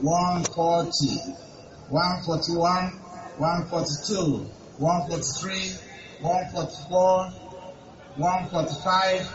one forty one forty one one forty two one forty three one forty four one forty five.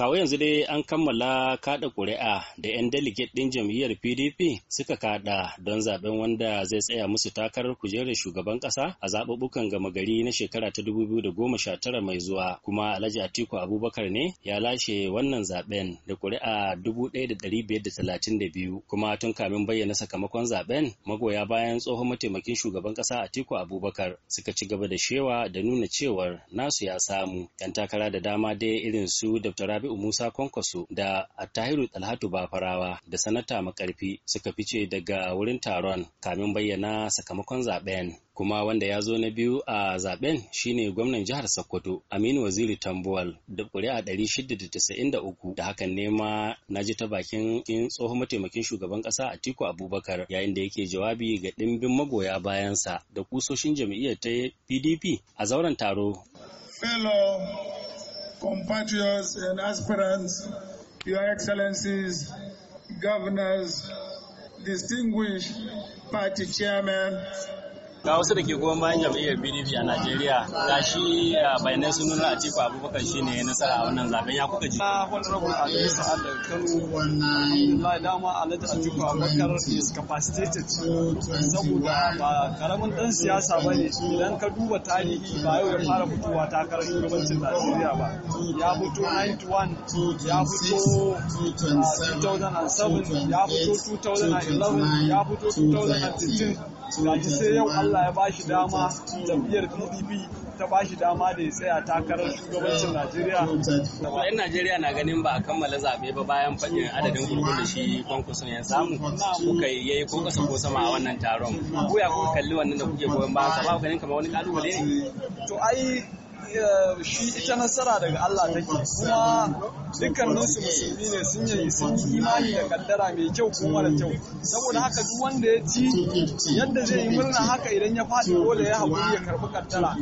kawo yanzu dai an kammala kada ƙuri'a da 'yan delegate din jam'iyyar pdp suka kada don zaben wanda zai tsaya musu takarar kujerar shugaban ƙasa a zaɓuɓɓukan gama gari na shekara ta 2019 mai zuwa kuma alhaji atiku abubakar ne ya lashe wannan zaben da ƙuri'a 1532 kuma tun kamin bayyana sakamakon zaben magoya bayan tsohon mataimakin shugaban ƙasa atiku abubakar suka ci gaba da shewa da nuna cewar nasu ya samu 'yan takara da dama dai irin su dr rabi Rabi'u Musa Kwankwaso da Attahiru Talhatu Bafarawa da Sanata Makarfi suka fice daga wurin taron kamin bayyana sakamakon zaben. Kuma wanda ya zo na biyu a zaben shine gwamnan jihar Sokoto Aminu Waziri Tambuwal da ƙuri'a 693 da hakan nema na ji ta bakin tsohon mataimakin shugaban ƙasa Atiku Abubakar yayin da yake jawabi ga ɗimbin magoya bayansa da kusoshin jam'iyyar ta PDP a zauren taro. Fellow compatriots and aspirants, Your Excellencies, governors, distinguished party chairmen, ga wasu da ke goyon bayan jam'iyyar pdp a najeriya ga shi bayanai sun nuna atiku abubakar shi ne nasara a wannan zaben ya kuka ji na honorable alhaji sa'ad da kano la dama alhaji atiku abubakar is capacitated saboda ba karamin dan siyasa ba ne idan ka duba tarihi ba yau ya fara fitowa takarar shugabancin najeriya ba ya fito 91 ya fito 2007 ah, ya fito 2011 ya fito 2016 gashi sai yau Allah ya bashi dama tafiyar PDP ta bashi dama da ya tsaya takarar shugabancin Najeriya. Yan Najeriya na ganin ba a kammala zaɓe ba bayan faɗin adadin gurgun da shi kwankwason ya samu kuka yayi ko ƙasa ko sama a wannan taron. Ko ya kuka kalli wannan da kuke goyon ba sa ba ganin kamar wani kalubale ne. To ai shi ita nasara daga Allah take kuma dukkanin su musulmi ne sun yi sun yi imani da kaddara mai kyau ko da kyau saboda haka duk wanda ya ci yadda zai yi murna haka idan ya faɗi dole ya haƙuri ya karɓi kaddara